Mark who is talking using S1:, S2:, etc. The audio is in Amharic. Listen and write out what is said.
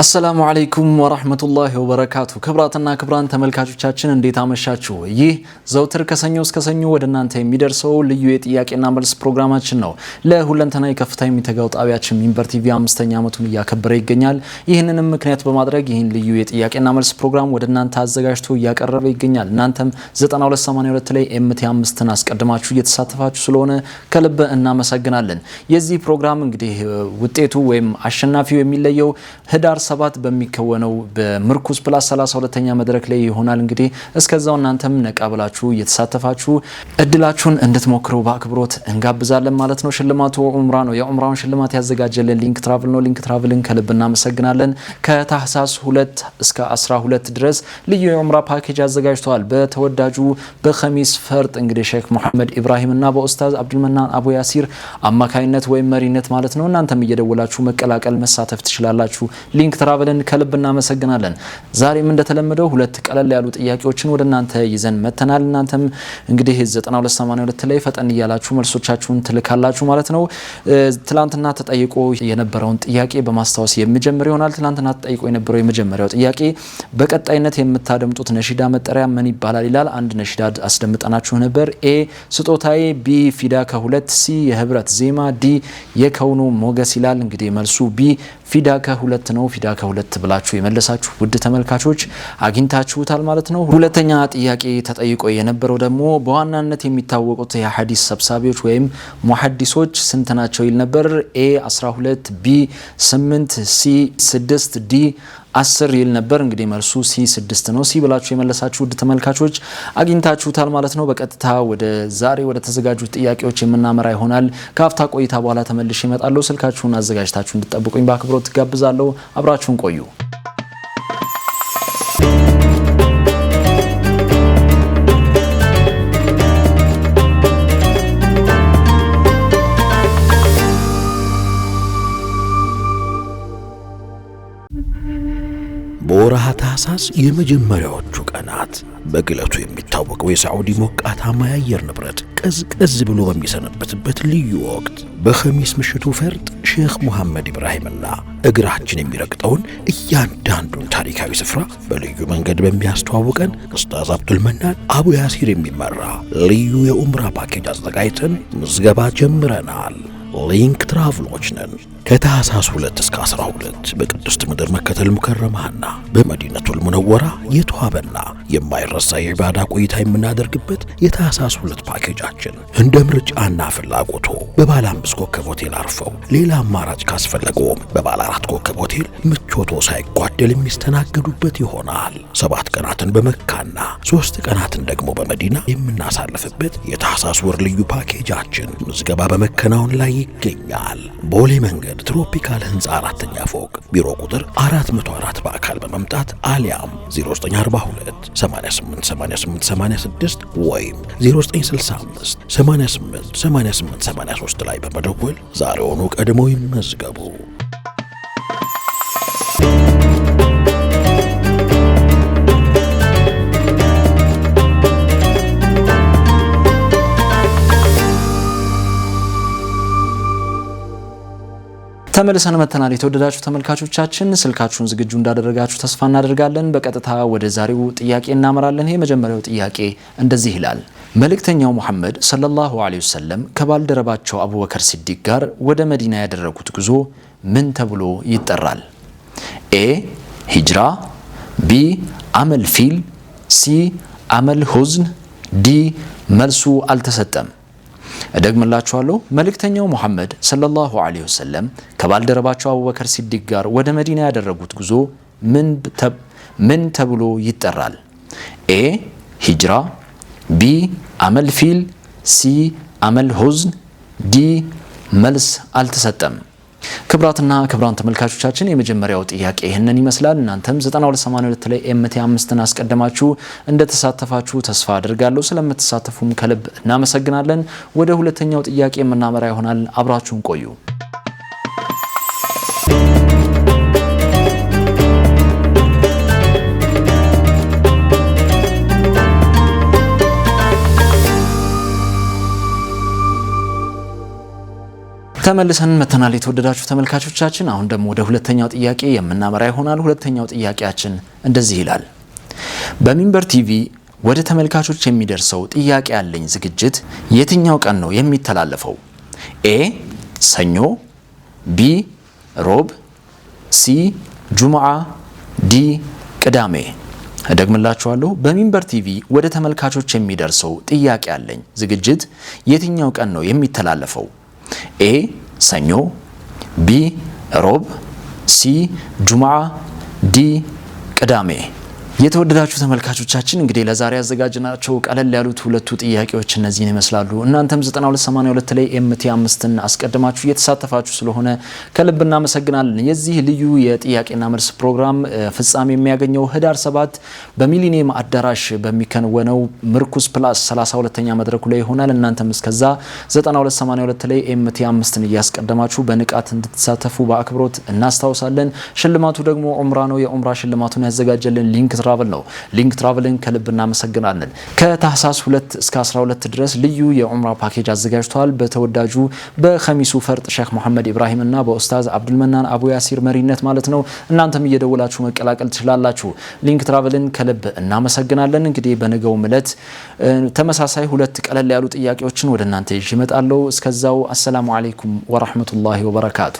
S1: አሰላሙ አለይኩም ወራህመቱላሂ ወበረካቱ። ክብራትና ክብራን ተመልካቾቻችን እንዴት አመሻችሁ? ይህ ዘውትር ከሰኞ እስከ ሰኞ ወደ እናንተ የሚደርሰው ልዩ የጥያቄና መልስ ፕሮግራማችን ነው። ለሁለንተናዊ ከፍታ የሚተጋው ጣቢያችን ሚንበር ቲቪ አምስተኛ ዓመቱን እያከበረ ይገኛል። ይህንንም ምክንያት በማድረግ ይህን ልዩ የጥያቄና መልስ ፕሮግራም ወደ እናንተ አዘጋጅቶ እያቀረበ ይገኛል። እናንተም 9282 ላይ ኤምቲ አምስትን አስቀድማችሁ እየተሳተፋችሁ ስለሆነ ከልብ እናመሰግናለን። የዚህ ፕሮግራም እንግዲህ ውጤቱ ወይም አሸናፊው የሚለየው ህዳር ሰባት በሚከወነው በምርኩስ ፕላስ 32ኛ መድረክ ላይ ይሆናል። እንግዲህ እስከዛው እናንተም ነቃ ብላችሁ እየተሳተፋችሁ እድላችሁን እንድትሞክሩ በአክብሮት እንጋብዛለን ማለት ነው። ሽልማቱ ዑምራ ነው። የዑምራውን ሽልማት ያዘጋጀልን ሊንክ ትራቭል ነው። ሊንክ ትራቭልን ከልብ እናመሰግናለን። ከታህሳስ 2 እስከ 12 ድረስ ልዩ የዑምራ ፓኬጅ አዘጋጅተዋል። በተወዳጁ በከሚስ ፈርጥ እንግዲህ ሼክ መሐመድ ኢብራሂም እና በኡስታዝ አብዱልመናን አቡ ያሲር አማካይነት ወይም መሪነት ማለት ነው። እናንተም እየደወላችሁ መቀላቀል መሳተፍ ትችላላችሁ። ሊንክ ትራቨልን ከልብ እናመሰግናለን። ዛሬም እንደተለመደው ሁለት ቀለል ያሉ ጥያቄዎችን ወደ እናንተ ይዘን መተናል። እናንተም እንግዲህ 9282 ላይ ፈጠን እያላችሁ መልሶቻችሁን ትልካላችሁ ማለት ነው። ትላንትና ተጠይቆ የነበረውን ጥያቄ በማስታወስ የሚጀምር ይሆናል። ትላንትና ተጠይቆ የነበረው የመጀመሪያው ጥያቄ በቀጣይነት የምታደምጡት ነሺዳ መጠሪያ ምን ይባላል ይላል። አንድ ነሺዳ አስደምጠናችሁ ነበር። ኤ ስጦታዬ፣ ቢ ፊዳ ከሁለት፣ ሲ የህብረት ዜማ፣ ዲ የከውኑ ሞገስ ይላል። እንግዲህ መልሱ ቢ ፊዳ ከሁለት ነው። ፊዳ ከሁለት ብላችሁ የመለሳችሁ ውድ ተመልካቾች አግኝታችሁታል ማለት ነው። ሁለተኛ ጥያቄ ተጠይቆ የነበረው ደግሞ በዋናነት የሚታወቁት የሀዲስ ሰብሳቢዎች ወይም ሙሐዲሶች ስንት ናቸው ይል ነበር። ኤ 12 ቢ 8 ሲ 6 ዲ አስር ይል ነበር። እንግዲህ መልሱ ሲ ስድስት ነው። ሲ ብላችሁ የመለሳችሁ ውድ ተመልካቾች አግኝታችሁታል ማለት ነው። በቀጥታ ወደ ዛሬ ወደ ተዘጋጁት ጥያቄዎች የምናመራ ይሆናል። ከአፍታ ቆይታ በኋላ ተመልሼ እመጣለሁ። ስልካችሁን አዘጋጅታችሁ እንድጠብቁኝ በአክብሮት ትጋብዛለሁ። አብራችሁን ቆዩ።
S2: ታህሳስ የመጀመሪያዎቹ ቀናት በግለቱ የሚታወቀው የሳዑዲ ሞቃታማ የአየር ንብረት ቀዝቀዝ ብሎ በሚሰነበትበት ልዩ ወቅት በኸሚስ ምሽቱ ፈርጥ ሼኽ ሙሐመድ ኢብራሂምና እግራችን የሚረግጠውን እያንዳንዱን ታሪካዊ ስፍራ በልዩ መንገድ በሚያስተዋውቀን ኡስታዝ አብዱልመናን አቡ ያሲር የሚመራ ልዩ የኡምራ ፓኬጅ አዘጋጅተን ምዝገባ ጀምረናል። ሊንክ ትራቭሎች ነን። ከታህሳስ 2 እስከ 12 በቅድስት ምድር መከተል ሙከረማና በመዲነቱል ሙነወራ የተዋበና የማይረሳ የባዳ ቆይታ የምናደርግበት የታህሳስ 2 ፓኬጃችን እንደ ምርጫና ፍላጎቶ በባለ አምስት ኮከብ ሆቴል አርፈው ሌላ አማራጭ ካስፈለገውም በባለ አራት ኮከብ ሆቴል ምቾቶ ሳይጓደል የሚስተናገዱበት ይሆናል። ሰባት ቀናትን በመካና ሶስት ቀናትን ደግሞ በመዲና የምናሳልፍበት የታህሳስ ወር ልዩ ፓኬጃችን ምዝገባ በመከናወን ላይ ይገኛል። ቦሌ መንገድ ሮድ ትሮፒካል ህንፃ አራተኛ ፎቅ ቢሮ ቁጥር 404 በአካል በመምጣት አሊያም 0942 888886 ወይም 0965 888883 ላይ በመደወል ዛሬውኑ ቀድሞ ይመዝገቡ።
S1: ተመልሰን መተናል። የተወደዳችሁ ተመልካቾቻችን ስልካችሁን ዝግጁ እንዳደረጋችሁ ተስፋ እናደርጋለን። በቀጥታ ወደ ዛሬው ጥያቄ እናመራለን። ይህ መጀመሪያው ጥያቄ እንደዚህ ይላል። መልእክተኛው ሙሐመድ ሰለላሁ ዐለይሂ ወሰለም ከባልደረባቸው አቡበከር ሲዲቅ ጋር ወደ መዲና ያደረጉት ጉዞ ምን ተብሎ ይጠራል? ኤ ሂጅራ፣ ቢ አመል ፊል፣ ሲ አመል ሁዝን፣ ዲ መልሱ አልተሰጠም። እደግምላችኋለሁ መልእክተኛው ሙሐመድ ሰለላሁ ዐለይሂ ወሰለም ከባልደረባቸው አቡበከር ሲዲቅ ጋር ወደ መዲና ያደረጉት ጉዞ ምን ተብሎ ይጠራል? ኤ ሂጅራ፣ ቢ አመል ፊል፣ ሲ አመል ሁዝን፣ ዲ መልስ አልተሰጠም። ክብራትና ክብራን ተመልካቾቻችን የመጀመሪያው ጥያቄ ይህንን ይመስላል። እናንተም 9282 ላይ ኤምቲ አምስትን አስቀድማችሁ እንደተሳተፋችሁ ተስፋ አድርጋለሁ። ስለምትሳተፉም ከልብ እናመሰግናለን። ወደ ሁለተኛው ጥያቄ የምናመራ ይሆናል። አብራችሁን ቆዩ። ተመልሰን መተናል። የተወደዳችሁ ተመልካቾቻችን፣ አሁን ደግሞ ወደ ሁለተኛው ጥያቄ የምናመራ ይሆናል። ሁለተኛው ጥያቄያችን እንደዚህ ይላል። በሚንበር ቲቪ ወደ ተመልካቾች የሚደርሰው ጥያቄ ያለኝ ዝግጅት የትኛው ቀን ነው የሚተላለፈው? ኤ ሰኞ፣ ቢ ሮብ፣ ሲ ጁምዓ፣ ዲ ቅዳሜ። እደግምላችኋለሁ። በሚንበር ቲቪ ወደ ተመልካቾች የሚደርሰው ጥያቄ ያለኝ ዝግጅት የትኛው ቀን ነው የሚተላለፈው? ኤ ሰኞ፣ ቢ ሮብ፣ ሲ ጁምዓ፣ ዲ ቅዳሜ የተወደዳችሁ ተመልካቾቻችን እንግዲህ ለዛሬ ያዘጋጅናቸው ቀለል ያሉት ሁለቱ ጥያቄዎች እነዚህን ይመስላሉ። እናንተም 9282 ላይ ኤምቲ አምስትን አስቀድማችሁ እየተሳተፋችሁ ስለሆነ ከልብ እናመሰግናለን። የዚህ ልዩ የጥያቄና መልስ ፕሮግራም ፍጻሜ የሚያገኘው ህዳር ሰባት በሚሊኒየም አዳራሽ በሚከንወነው ምርኩስ ፕላስ 32ኛ መድረኩ ላይ ይሆናል። እናንተም እስከዛ 9282 ላይ ኤምቲ አምስትን እያስቀደማችሁ በንቃት እንድትሳተፉ በአክብሮት እናስታውሳለን። ሽልማቱ ደግሞ ዑምራ ነው። የዑምራ ሽልማቱን ያዘጋጀልን ሊንክ ትራቨል ነው። ሊንክ ትራቨልን ከልብ እናመሰግናለን። ከታህሳስ 2 እስከ 12 ድረስ ልዩ የዑምራ ፓኬጅ አዘጋጅተዋል። በተወዳጁ በከሚሱ ፈርጥ ሼክ መሐመድ ኢብራሂም እና በኡስታዝ አብዱልመናን አቡ ያሲር መሪነት ማለት ነው። እናንተም እየደወላችሁ መቀላቀል ትችላላችሁ። ሊንክ ትራቨልን ከልብ እናመሰግናለን። እንግዲህ በነገውም ዕለት ተመሳሳይ ሁለት ቀለል ያሉ ጥያቄዎችን ወደ እናንተ ይዤ እመጣለሁ። እስከዛው አሰላሙ አለይኩም ወራህመቱላሂ ወበረካቱ።